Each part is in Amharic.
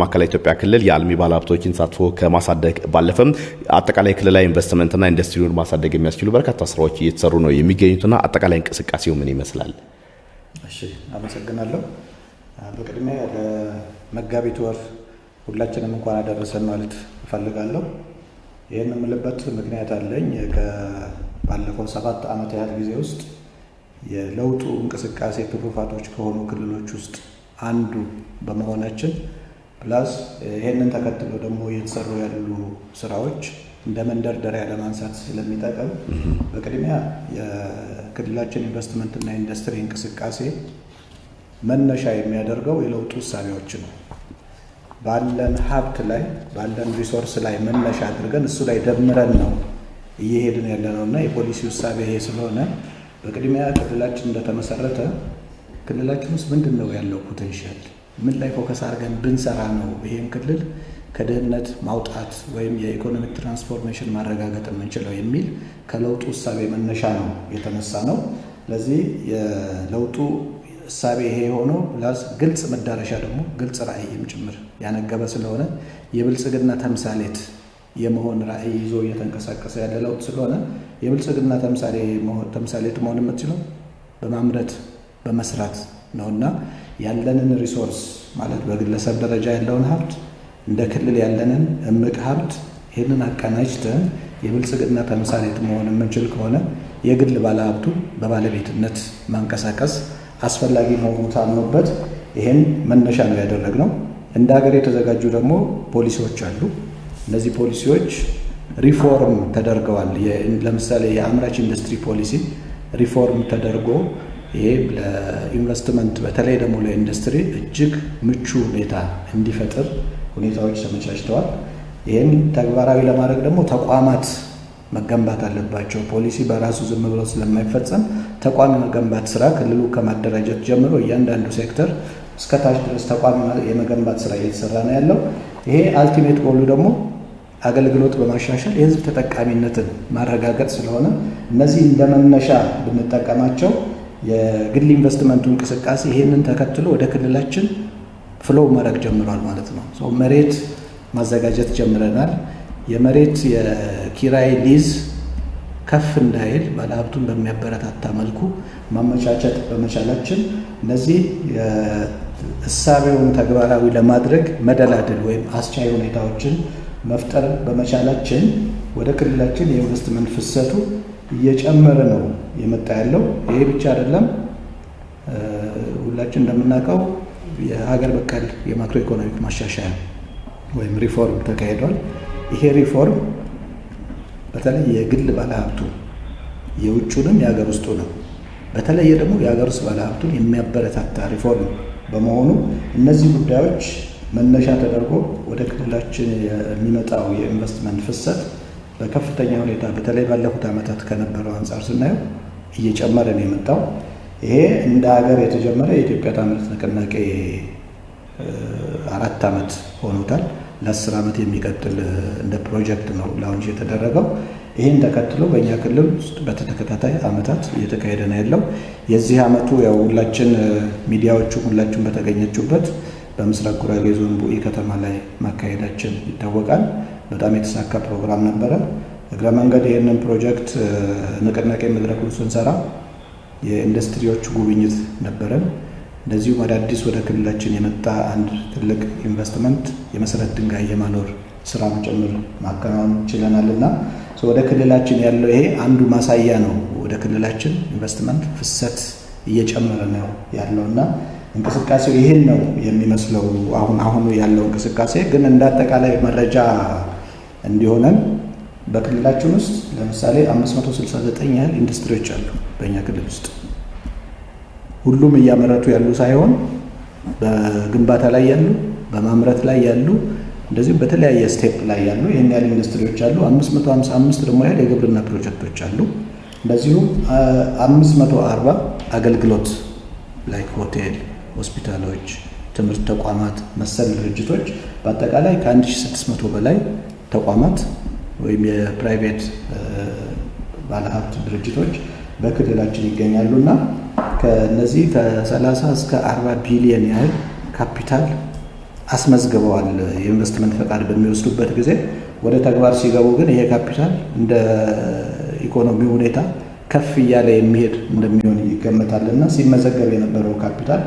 ማዕከላዊ ኢትዮጵያ ክልል የአልሚ ባለሀብቶችን ተሳትፎ ከማሳደግ ባለፈም አጠቃላይ ክልላዊ ኢንቨስትመንትና ኢንዱስትሪውን ማሳደግ የሚያስችሉ በርካታ ስራዎች እየተሰሩ ነው የሚገኙትና አጠቃላይ እንቅስቃሴው ምን ይመስላል? እሺ፣ አመሰግናለሁ። በቅድሚያ ለመጋቢት ወር ሁላችንም እንኳን አደረሰን ማለት እፈልጋለሁ። ይህን የምልበት ምክንያት አለኝ። ባለፈው ሰባት ዓመት ያህል ጊዜ ውስጥ የለውጡ እንቅስቃሴ ትሩፋቶች ከሆኑ ክልሎች ውስጥ አንዱ በመሆናችን ፕላስ ይህንን ተከትሎ ደግሞ እየተሰሩ ያሉ ስራዎች እንደ መንደርደሪያ ለማንሳት ስለሚጠቅም በቅድሚያ የክልላችን ኢንቨስትመንትና ኢንዱስትሪ እንቅስቃሴ መነሻ የሚያደርገው የለውጥ ውሳኔዎች ነው። ባለን ሀብት ላይ ባለን ሪሶርስ ላይ መነሻ አድርገን እሱ ላይ ደምረን ነው እየሄድን ያለ ነው እና የፖሊሲ ውሳቤ ይሄ ስለሆነ በቅድሚያ ክልላችን እንደተመሰረተ ክልላችን ውስጥ ምንድን ነው ያለው ፖቴንሻል ምን ላይ ፎከስ አድርገን ብንሰራ ነው ይሄን ክልል ከድህነት ማውጣት ወይም የኢኮኖሚክ ትራንስፎርሜሽን ማረጋገጥ የምንችለው የሚል ከለውጡ እሳቤ መነሻ ነው የተነሳ ነው። ለዚህ የለውጡ እሳቤ ይሄ የሆነው ፕላስ ግልጽ መዳረሻ ደግሞ ግልጽ ራዕይም ጭምር ያነገበ ስለሆነ የብልጽግና ተምሳሌት የመሆን ራዕይ ይዞ እየተንቀሳቀሰ ያለ ለውጥ ስለሆነ የብልጽግና ተምሳሌት መሆን የምትችለው በማምረት በመስራት ነውና ያለንን ሪሶርስ ማለት በግለሰብ ደረጃ ያለውን ሀብት እንደ ክልል ያለንን እምቅ ሀብት ይህንን አቀናጅተን የብልጽግና ተምሳሌት መሆን የምንችል ከሆነ የግል ባለሀብቱ በባለቤትነት ማንቀሳቀስ አስፈላጊ መሆኑ ታምኖበት ይህን መነሻ ነው ያደረግነው። እንደ ሀገር የተዘጋጁ ደግሞ ፖሊሲዎች አሉ። እነዚህ ፖሊሲዎች ሪፎርም ተደርገዋል። ለምሳሌ የአምራች ኢንዱስትሪ ፖሊሲ ሪፎርም ተደርጎ ይሄ ለኢንቨስትመንት በተለይ ደግሞ ለኢንዱስትሪ እጅግ ምቹ ሁኔታ እንዲፈጥር ሁኔታዎች ተመቻችተዋል። ይህን ተግባራዊ ለማድረግ ደግሞ ተቋማት መገንባት አለባቸው። ፖሊሲ በራሱ ዝም ብሎ ስለማይፈጸም ተቋም የመገንባት ስራ ክልሉ ከማደራጀት ጀምሮ እያንዳንዱ ሴክተር እስከ ታች ድረስ ተቋም የመገንባት ስራ እየተሰራ ነው ያለው። ይሄ አልቲሜት ጎሉ ደግሞ አገልግሎት በማሻሻል የህዝብ ተጠቃሚነትን ማረጋገጥ ስለሆነ እነዚህ እንደመነሻ ብንጠቀማቸው የግል ኢንቨስትመንቱ እንቅስቃሴ ይህንን ተከትሎ ወደ ክልላችን ፍሎው መረክ ጀምሯል ማለት ነው። መሬት ማዘጋጀት ጀምረናል። የመሬት የኪራይ ሊዝ ከፍ እንዳይል ባለሀብቱን በሚያበረታታ መልኩ ማመቻቸት በመቻላችን እነዚህ እሳቤውን ተግባራዊ ለማድረግ መደላድል ወይም አስቻይ ሁኔታዎችን መፍጠር በመቻላችን ወደ ክልላችን የኢንቨስትመንት ፍሰቱ እየጨመረ ነው የመጣ ያለው። ይሄ ብቻ አይደለም። ሁላችን እንደምናውቀው የሀገር በቀል የማክሮ ኢኮኖሚክ ማሻሻያ ወይም ሪፎርም ተካሂዷል። ይሄ ሪፎርም በተለይ የግል ባለሀብቱ የውጩንም የሀገር ውስጡ ነው በተለየ ደግሞ የሀገር ውስጥ ባለሀብቱን የሚያበረታታ ሪፎርም በመሆኑ እነዚህ ጉዳዮች መነሻ ተደርጎ ወደ ክልላችን የሚመጣው የኢንቨስትመንት ፍሰት በከፍተኛ ሁኔታ በተለይ ባለፉት ዓመታት ከነበረው አንጻር ስናየው እየጨመረ ነው የመጣው። ይሄ እንደ ሀገር የተጀመረ የኢትዮጵያ ታምርት ንቅናቄ አራት ዓመት ሆኖታል። ለአስር ዓመት የሚቀጥል እንደ ፕሮጀክት ነው ላውንች የተደረገው። ይህን ተከትሎ በእኛ ክልል ውስጥ በተከታታይ ዓመታት እየተካሄደ ነው ያለው። የዚህ ዓመቱ ያው ሁላችን ሚዲያዎቹ ሁላችን በተገኘችበት በምስራቅ ጉራጌ ዞን ቡኢ ከተማ ላይ ማካሄዳችን ይታወቃል። በጣም የተሳካ ፕሮግራም ነበረ። እግረ መንገድ ይህንን ፕሮጀክት ንቅናቄ መድረኩን ስንሰራ የኢንዱስትሪዎቹ ጉብኝት ነበረን። እንደዚሁም አዲስ ወደ ክልላችን የመጣ አንድ ትልቅ ኢንቨስትመንት የመሰረት ድንጋይ የማኖር ስራም ጭምር ማከናወን ችለናል እና ወደ ክልላችን ያለው ይሄ አንዱ ማሳያ ነው። ወደ ክልላችን ኢንቨስትመንት ፍሰት እየጨመረ ነው ያለው እና እንቅስቃሴው ይህን ነው የሚመስለው። አሁን አሁኑ ያለው እንቅስቃሴ ግን እንደ አጠቃላይ መረጃ እንዲሆነን በክልላችን ውስጥ ለምሳሌ 569 ያህል ኢንዱስትሪዎች አሉ። በእኛ ክልል ውስጥ ሁሉም እያመረቱ ያሉ ሳይሆን በግንባታ ላይ ያሉ፣ በማምረት ላይ ያሉ እንደዚሁም በተለያየ ስቴፕ ላይ ያሉ ይህን ያህል ኢንዱስትሪዎች አሉ። 555 ደግሞ ያህል የግብርና ፕሮጀክቶች አሉ። እንደዚሁም 540 አገልግሎት ላይክ ሆቴል፣ ሆስፒታሎች፣ ትምህርት ተቋማት መሰል ድርጅቶች በአጠቃላይ ከ1600 በላይ ተቋማት ወይም የፕራይቬት ባለሀብት ድርጅቶች በክልላችን ይገኛሉ እና ከነዚህ ከ30 እስከ 40 ቢሊየን ያህል ካፒታል አስመዝግበዋል። የኢንቨስትመንት ፈቃድ በሚወስዱበት ጊዜ ወደ ተግባር ሲገቡ ግን ይሄ ካፒታል እንደ ኢኮኖሚ ሁኔታ ከፍ እያለ የሚሄድ እንደሚሆን ይገመታል እና ሲመዘገብ የነበረው ካፒታል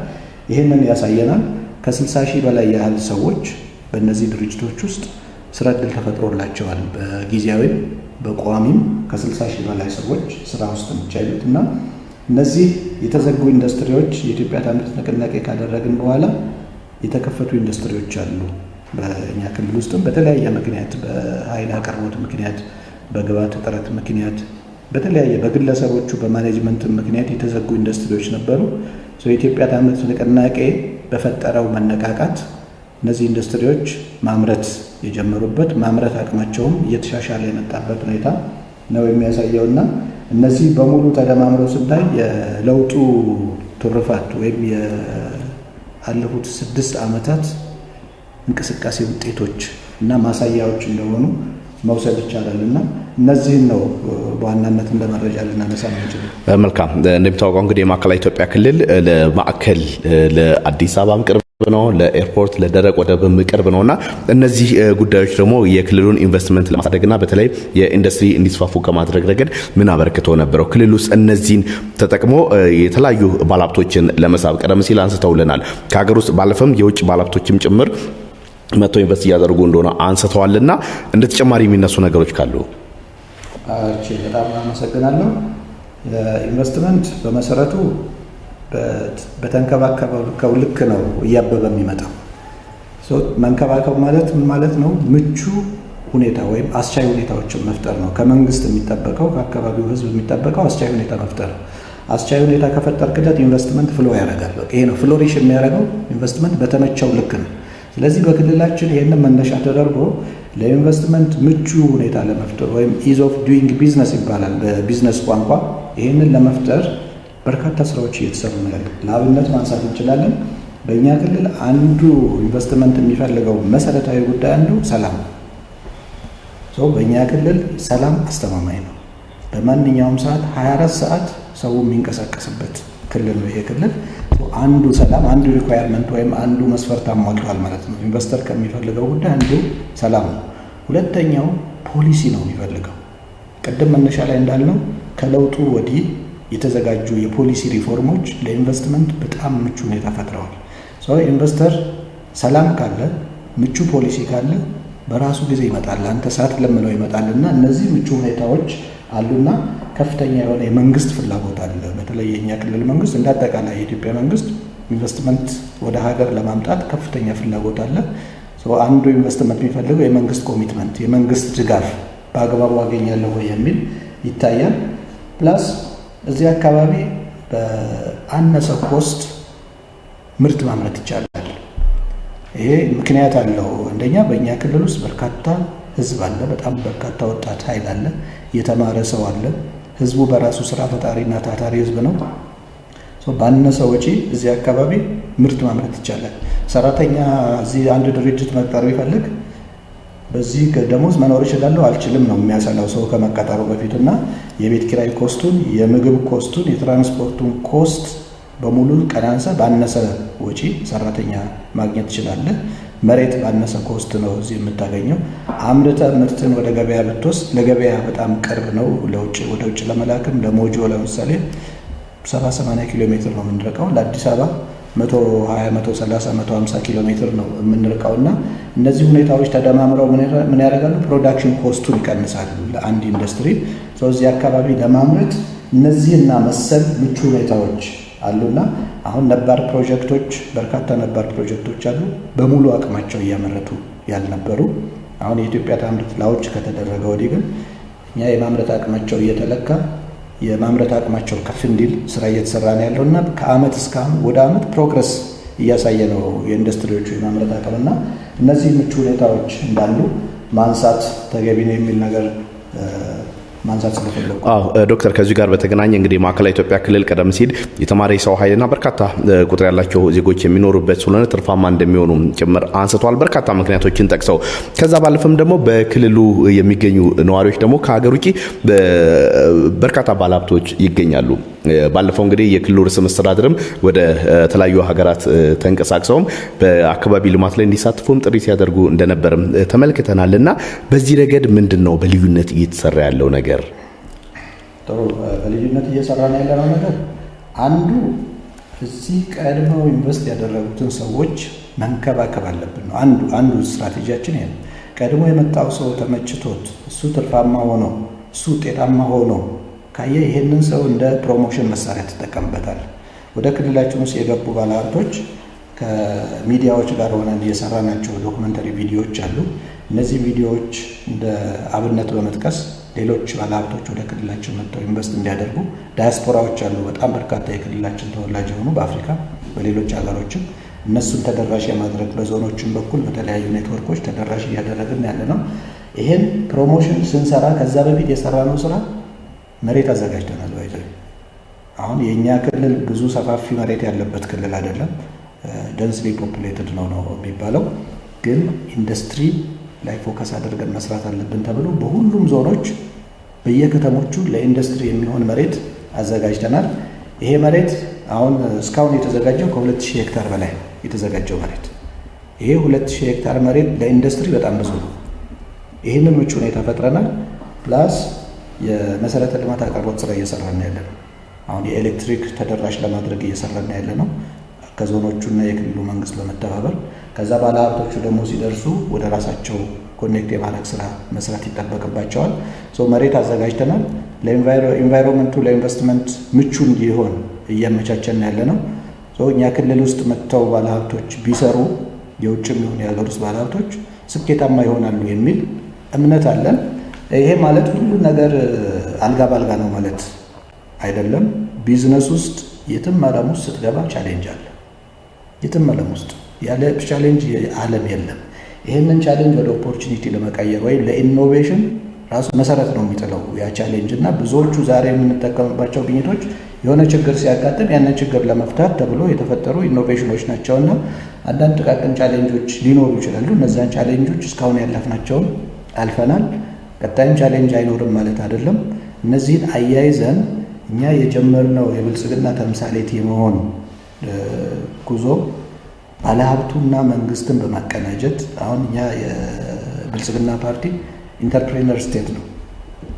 ይህንን ያሳየናል። ከ60 ሺህ በላይ ያህል ሰዎች በእነዚህ ድርጅቶች ውስጥ ስራ እድል ተፈጥሮላቸዋል። በጊዜያዊም በቋሚም ከ60 ሺህ በላይ ሰዎች ስራ ውስጥ የሚቻሉት እና እነዚህ የተዘጉ ኢንዱስትሪዎች የኢትዮጵያ ታምርት ንቅናቄ ካደረግን በኋላ የተከፈቱ ኢንዱስትሪዎች አሉ። በእኛ ክልል ውስጥም በተለያየ ምክንያት በኃይል አቅርቦት ምክንያት፣ በግብዓት እጥረት ምክንያት፣ በተለያየ በግለሰቦቹ በማኔጅመንት ምክንያት የተዘጉ ኢንዱስትሪዎች ነበሩ። የኢትዮጵያ ታምርት ንቅናቄ በፈጠረው መነቃቃት እነዚህ ኢንዱስትሪዎች ማምረት የጀመሩበት ማምረት አቅማቸውም እየተሻሻለ የመጣበት ሁኔታ ነው የሚያሳየው እና እነዚህ በሙሉ ተደማምረው ስታይ የለውጡ ትሩፋት ወይም ያለፉት ስድስት ዓመታት እንቅስቃሴ ውጤቶች እና ማሳያዎች እንደሆኑ መውሰድ ይቻላል እና እነዚህን ነው በዋናነት እንደ መረጃ ልናነሳ ምንችል። መልካም እንደሚታወቀው እንግዲህ የማዕከላዊ ኢትዮጵያ ክልል ለማዕከል ለአዲስ አበባም ቅርብ ነው ለኤርፖርት ለደረቅ ወደብ ቅርብ ነው እና እነዚህ ጉዳዮች ደግሞ የክልሉን ኢንቨስትመንት ለማሳደግና በተለይ የኢንዱስትሪ እንዲስፋፉ ከማድረግ ረገድ ምን አበርክቶ ነበረው? ክልል ውስጥ እነዚህን ተጠቅሞ የተለያዩ ባለሀብቶችን ለመሳብ ቀደም ሲል አንስተውልናል። ከሀገር ውስጥ ባለፈም የውጭ ባለሀብቶችም ጭምር መቶ ኢንቨስት እያደረጉ እንደሆነ አንስተዋልና እንደ ተጨማሪ የሚነሱ ነገሮች ካሉ በጣም አመሰግናለሁ። ኢንቨስትመንት በመሰረቱ በተንከባከበው ልክ ነው እያበበ የሚመጣው። መንከባከብ ማለት ምን ማለት ነው? ምቹ ሁኔታ ወይም አስቻይ ሁኔታዎችን መፍጠር ነው። ከመንግስት የሚጠበቀው ከአካባቢው ህዝብ የሚጠበቀው አስቻይ ሁኔታ መፍጠር ነው። አስቻይ ሁኔታ ከፈጠርክለት ኢንቨስትመንት ፍሎ ያደርጋል። ይሄ ነው ፍሎሪሽ የሚያደርገው ኢንቨስትመንት በተመቸው ልክ ነው። ስለዚህ በክልላችን ይህንን መነሻ ተደርጎ ለኢንቨስትመንት ምቹ ሁኔታ ለመፍጠር ወይም ኢዝ ኦፍ ዱይንግ ቢዝነስ ይባላል በቢዝነስ ቋንቋ ይህንን ለመፍጠር በርካታ ስራዎች እየተሰሩ ነው ያለ። ለአብነት ማንሳት እንችላለን። በእኛ ክልል አንዱ ኢንቨስትመንት የሚፈልገው መሰረታዊ ጉዳይ አንዱ ሰላም ሰው በእኛ ክልል ሰላም አስተማማኝ ነው። በማንኛውም ሰዓት 24 ሰዓት ሰው የሚንቀሳቀስበት ክልል ነው ይሄ ክልል። አንዱ ሰላም አንዱ ሪኳየርመንት ወይም አንዱ መስፈርት አሟልቷል ማለት ነው። ኢንቨስተር ከሚፈልገው ጉዳይ አንዱ ሰላም ነው። ሁለተኛው ፖሊሲ ነው የሚፈልገው። ቅድም መነሻ ላይ እንዳልነው ከለውጡ ወዲህ የተዘጋጁ የፖሊሲ ሪፎርሞች ለኢንቨስትመንት በጣም ምቹ ሁኔታ ፈጥረዋል። ኢንቨስተር ሰላም ካለ ምቹ ፖሊሲ ካለ በራሱ ጊዜ ይመጣል። አንተ ሰዓት ለምለው ይመጣል እና እነዚህ ምቹ ሁኔታዎች አሉና ከፍተኛ የሆነ የመንግስት ፍላጎት አለ። በተለይ የኛ ክልል መንግስት እንደ አጠቃላይ የኢትዮጵያ መንግስት ኢንቨስትመንት ወደ ሀገር ለማምጣት ከፍተኛ ፍላጎት አለ። አንዱ ኢንቨስትመንት የሚፈልገው የመንግስት ኮሚትመንት፣ የመንግስት ድጋፍ በአግባቡ አገኛለሁ የሚል ይታያል ፕላስ እዚህ አካባቢ በአነሰ ኮስት ምርት ማምረት ይቻላል። ይሄ ምክንያት አለው። አንደኛ በእኛ ክልል ውስጥ በርካታ ህዝብ አለ። በጣም በርካታ ወጣት ኃይል አለ። የተማረ ሰው አለ። ህዝቡ በራሱ ስራ ፈጣሪና ታታሪ ህዝብ ነው። ባነሰ ወጪ እዚህ አካባቢ ምርት ማምረት ይቻላል። ሰራተኛ እዚህ አንድ ድርጅት መቅጠር ቢፈልግ በዚህ ደሞዝ መኖር እችላለሁ አልችልም ነው የሚያሰላው ሰው ከመቀጠሩ በፊት እና የቤት ኪራይ ኮስቱን፣ የምግብ ኮስቱን፣ የትራንስፖርቱን ኮስት በሙሉ ቀናንሰ ባነሰ ወጪ ሰራተኛ ማግኘት ትችላለህ። መሬት ባነሰ ኮስት ነው እዚህ የምታገኘው። አምርተ ምርትን ወደ ገበያ ብትወስድ ለገበያ በጣም ቅርብ ነው። ለውጭ ወደ ውጭ ለመላክም ለሞጆ ለምሳሌ 78 ኪሎ ሜትር ነው የምንርቀው ለአዲስ አበባ 120 130 150 ኪሎ ሜትር ነው የምንርቀው እና እነዚህ ሁኔታዎች ተደማምረው ምን ያደርጋሉ? ፕሮዳክሽን ኮስቱን ይቀንሳሉ ለአንድ ኢንዱስትሪ። እዚህ አካባቢ ለማምረት እነዚህና መሰል ምቹ ሁኔታዎች አሉና አሁን ነባር ፕሮጀክቶች በርካታ ነባር ፕሮጀክቶች አሉ በሙሉ አቅማቸው እያመረቱ ያልነበሩ አሁን የኢትዮጵያ ታምርት ላውንች ከተደረገ ወዲህ ግን እኛ የማምረት አቅማቸው እየተለካ የማምረት አቅማቸው ከፍ እንዲል ስራ እየተሰራ ነው ያለው እና ከአመት እስከ ወደ አመት ፕሮግረስ እያሳየ ነው የኢንዱስትሪዎቹ የማምረት እና እነዚህ ምቹ ሁኔታዎች እንዳሉ ማንሳት ተገቢ ነው የሚል ነገር ማንሳት ስለፈለጉ ዶክተር ከዚሁ ጋር በተገናኘ እንግዲህ ማዕከላዊ ኢትዮጵያ ክልል ቀደም ሲል የተማሪ ሰው ኃይልና በርካታ ቁጥር ያላቸው ዜጎች የሚኖሩበት ስለሆነ ትርፋማ እንደሚሆኑ ጭምር አንስተዋል። በርካታ ምክንያቶችን ጠቅሰው ከዛ ባለፈም ደግሞ በክልሉ የሚገኙ ነዋሪዎች ደግሞ ከሀገር ውጭ በርካታ ባለሀብቶች ይገኛሉ። ባለፈው እንግዲህ የክልሉ ርዕሰ መስተዳድርም ወደ ተለያዩ ሀገራት ተንቀሳቅሰውም በአካባቢ ልማት ላይ እንዲሳትፉም ጥሪ ሲያደርጉ እንደነበርም ተመልክተናል እና በዚህ ረገድ ምንድን ነው በልዩነት እየተሰራ ያለው ነገር? ጥሩ በልዩነት እየሰራ ነው ያለነው ነገር አንዱ እዚህ ቀድመው ኢንቨስት ያደረጉትን ሰዎች መንከባከብ አለብን ነው አንዱ አንዱ ስትራቴጂያችን ያለ ቀድሞ የመጣው ሰው ተመችቶት እሱ ትርፋማ ሆኖ እሱ ውጤታማ ሆኖ ካየ ይሄንን ሰው እንደ ፕሮሞሽን መሳሪያ ትጠቀምበታል። ወደ ክልላችን ውስጥ የገቡ ባለሀብቶች ከሚዲያዎች ጋር ሆነን ናቸው ዶክመንተሪ ቪዲዮዎች አሉ። እነዚህ ቪዲዮዎች እንደ አብነት በመጥቀስ ሌሎች ባለሀብቶች ወደ ክልላችን መጥተው ኢንቨስት እንዲያደርጉ ዳያስፖራዎች አሉ። በጣም በርካታ የክልላችን ተወላጅ የሆኑ በአፍሪካ በሌሎች ሀገሮችም እነሱን ተደራሽ የማድረግ በዞኖችን በኩል በተለያዩ ኔትወርኮች ተደራሽ እያደረግን ያለ ነው። ይሄን ፕሮሞሽን ስንሰራ ከዛ በፊት የሰራነው ስራ መሬት አዘጋጅተናል። ባይዘ አሁን የእኛ ክልል ብዙ ሰፋፊ መሬት ያለበት ክልል አይደለም። ደንስሊ ፖፕሌትድ ነው ነው የሚባለው ግን ኢንዱስትሪ ላይ ፎከስ አድርገን መስራት አለብን ተብሎ በሁሉም ዞኖች በየከተሞቹ ለኢንዱስትሪ የሚሆን መሬት አዘጋጅተናል። ይሄ መሬት አሁን እስካሁን የተዘጋጀው ከ ሺህ ሄክታር በላይ የተዘጋጀው መሬት ይሄ ሁለት ሄክታር መሬት ለኢንዱስትሪ በጣም ብዙ ነው። ይህንን ምቹ ሁኔታ ፈጥረናል። ፕላስ የመሰረተ ልማት አቅርቦት ስራ እየሰራን ያለ ነው። አሁን የኤሌክትሪክ ተደራሽ ለማድረግ እየሰራን ያለ ነው ከዞኖቹና የክልሉ መንግስት በመተባበር ከዛ ባለሀብቶቹ ደግሞ ሲደርሱ ወደ ራሳቸው ኮኔክት የማድረግ ስራ መስራት ይጠበቅባቸዋል። መሬት አዘጋጅተናል። ለኢንቫይሮንመንቱ ለኢንቨስትመንት ምቹ እንዲሆን እያመቻቸን ያለ ነው። እኛ ክልል ውስጥ መጥተው ባለሀብቶች ቢሰሩ የውጭ የሚሆን የሀገር ውስጥ ባለሀብቶች ስኬታማ ይሆናሉ የሚል እምነት አለን። ይሄ ማለት ሁሉ ነገር አልጋ ባልጋ ነው ማለት አይደለም። ቢዝነስ ውስጥ የትም ዓለም ውስጥ ስትገባ ቻሌንጅ አለ። የትም ዓለም ውስጥ ያለ ቻሌንጅ ዓለም የለም። ይህንን ቻሌንጅ ወደ ኦፖርቹኒቲ ለመቀየር ወይም ለኢኖቬሽን ራሱ መሰረት ነው የሚጥለው ያ ቻሌንጅ እና ብዙዎቹ ዛሬ የምንጠቀምባቸው ግኝቶች የሆነ ችግር ሲያጋጥም ያንን ችግር ለመፍታት ተብሎ የተፈጠሩ ኢኖቬሽኖች ናቸው እና አንዳንድ ጥቃቅን ቻሌንጆች ሊኖሩ ይችላሉ። እነዛን ቻሌንጆች እስካሁን ያለፍናቸውን አልፈናል። ቀጣይም ቻሌንጅ አይኖርም ማለት አይደለም። እነዚህን አያይዘን እኛ የጀመርነው የብልጽግና ተምሳሌት የመሆን ጉዞ ባለሀብቱና መንግስትን በማቀናጀት አሁን እኛ የብልጽግና ፓርቲ ኢንተርፕሬነር ስቴት ነው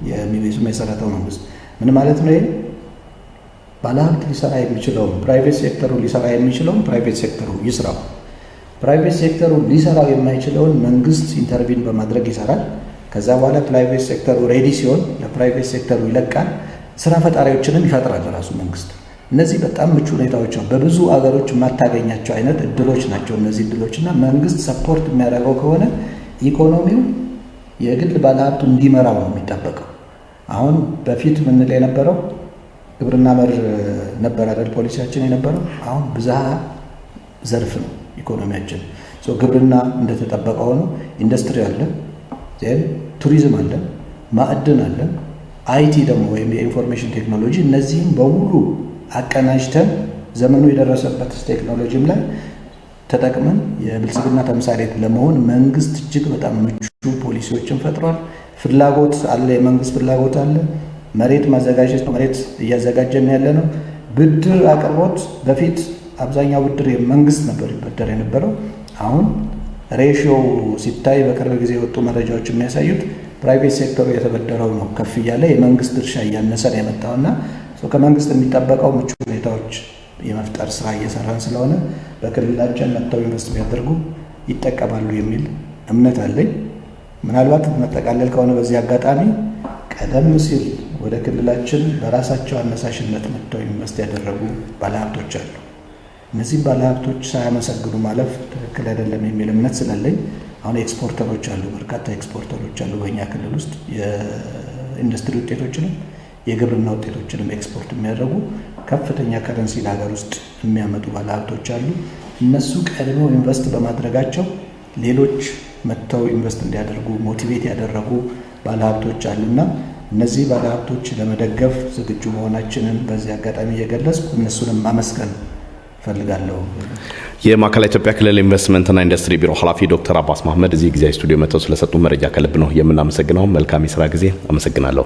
የሚቤዙ የሰረተው መንግስት ምን ማለት ነው? ይሄ ባለሀብት ሊሰራ የሚችለውም ፕራይቬት ሴክተሩ ሊሰራ የሚችለውም ፕራይቬት ሴክተሩ ይስራው። ፕራይቬት ሴክተሩ ሊሰራው የማይችለውን መንግስት ኢንተርቪን በማድረግ ይሰራል። ከዛ በኋላ ፕራይቬት ሴክተሩ ሬዲ ሲሆን ለፕራይቬት ሴክተሩ ይለቃል። ስራ ፈጣሪዎችንም ይፈጥራል ራሱ መንግስት እነዚህ በጣም ምቹ ሁኔታዎች ነው። በብዙ አገሮች የማታገኛቸው አይነት እድሎች ናቸው እነዚህ እድሎች እና መንግስት ሰፖርት የሚያደርገው ከሆነ ኢኮኖሚው የግል ባለሀብቱ እንዲመራው ነው የሚጠበቀው። አሁን በፊት ምንል የነበረው ግብርና መር ነበር አይደል ፖሊሲያችን የነበረው። አሁን ብዝሃ ዘርፍ ነው ኢኮኖሚያችን። ግብርና እንደተጠበቀ ሆኖ ኢንዱስትሪ አለ፣ ቱሪዝም አለ፣ ማዕድን አለ፣ አይቲ ደግሞ ወይም የኢንፎርሜሽን ቴክኖሎጂ እነዚህም በሙሉ አቀናጅተን ዘመኑ የደረሰበት ቴክኖሎጂም ላይ ተጠቅመን የብልጽግና ተምሳሌት ለመሆን መንግስት እጅግ በጣም ምቹ ፖሊሲዎችን ፈጥሯል። ፍላጎት አለ፣ የመንግስት ፍላጎት አለ። መሬት ማዘጋጀት መሬት እያዘጋጀን ያለ ነው። ብድር አቅርቦት በፊት አብዛኛው ብድር የመንግስት ነበር ይበደር የነበረው። አሁን ሬሽዮ ሲታይ በቅርብ ጊዜ የወጡ መረጃዎች የሚያሳዩት ፕራይቬት ሴክተሩ የተበደረው ነው ከፍ እያለ የመንግስት ድርሻ እያነሰ ነው ከመንግስት የሚጠበቀው ምቹ ሁኔታዎች የመፍጠር ስራ እየሰራን ስለሆነ በክልላችን መጥተው ኢንቨስት ቢያደርጉ ይጠቀማሉ የሚል እምነት አለኝ። ምናልባት መጠቃለል ከሆነ በዚህ አጋጣሚ ቀደም ሲል ወደ ክልላችን በራሳቸው አነሳሽነት መጥተው ኢንቨስት ያደረጉ ባለሀብቶች አሉ። እነዚህም ባለሀብቶች ሳያመሰግኑ ማለፍ ትክክል አይደለም የሚል እምነት ስላለኝ አሁን ኤክስፖርተሮች አሉ፣ በርካታ ኤክስፖርተሮች አሉ በእኛ ክልል ውስጥ የኢንዱስትሪ ውጤቶችንም የግብርና ውጤቶችንም ኤክስፖርት የሚያደርጉ ከፍተኛ ከረንሲ ለሀገር ውስጥ የሚያመጡ ባለሀብቶች አሉ። እነሱ ቀድመው ኢንቨስት በማድረጋቸው ሌሎች መጥተው ኢንቨስት እንዲያደርጉ ሞቲቬት ያደረጉ ባለሀብቶች አሉና እነዚህ ባለሀብቶች ለመደገፍ ዝግጁ መሆናችንን በዚህ አጋጣሚ እየገለጽኩ እነሱንም ማመስገን ፈልጋለሁ። የማዕከላዊ ኢትዮጵያ ክልል ኢንቨስትመንትና ኢንዱስትሪ ቢሮ ኃላፊ ዶክተር አባስ መሀመድ እዚህ ጊዜ ስቱዲዮ መጥተው ስለሰጡ መረጃ ከልብ ነው የምናመሰግነው። መልካም የስራ ጊዜ። አመሰግናለሁ።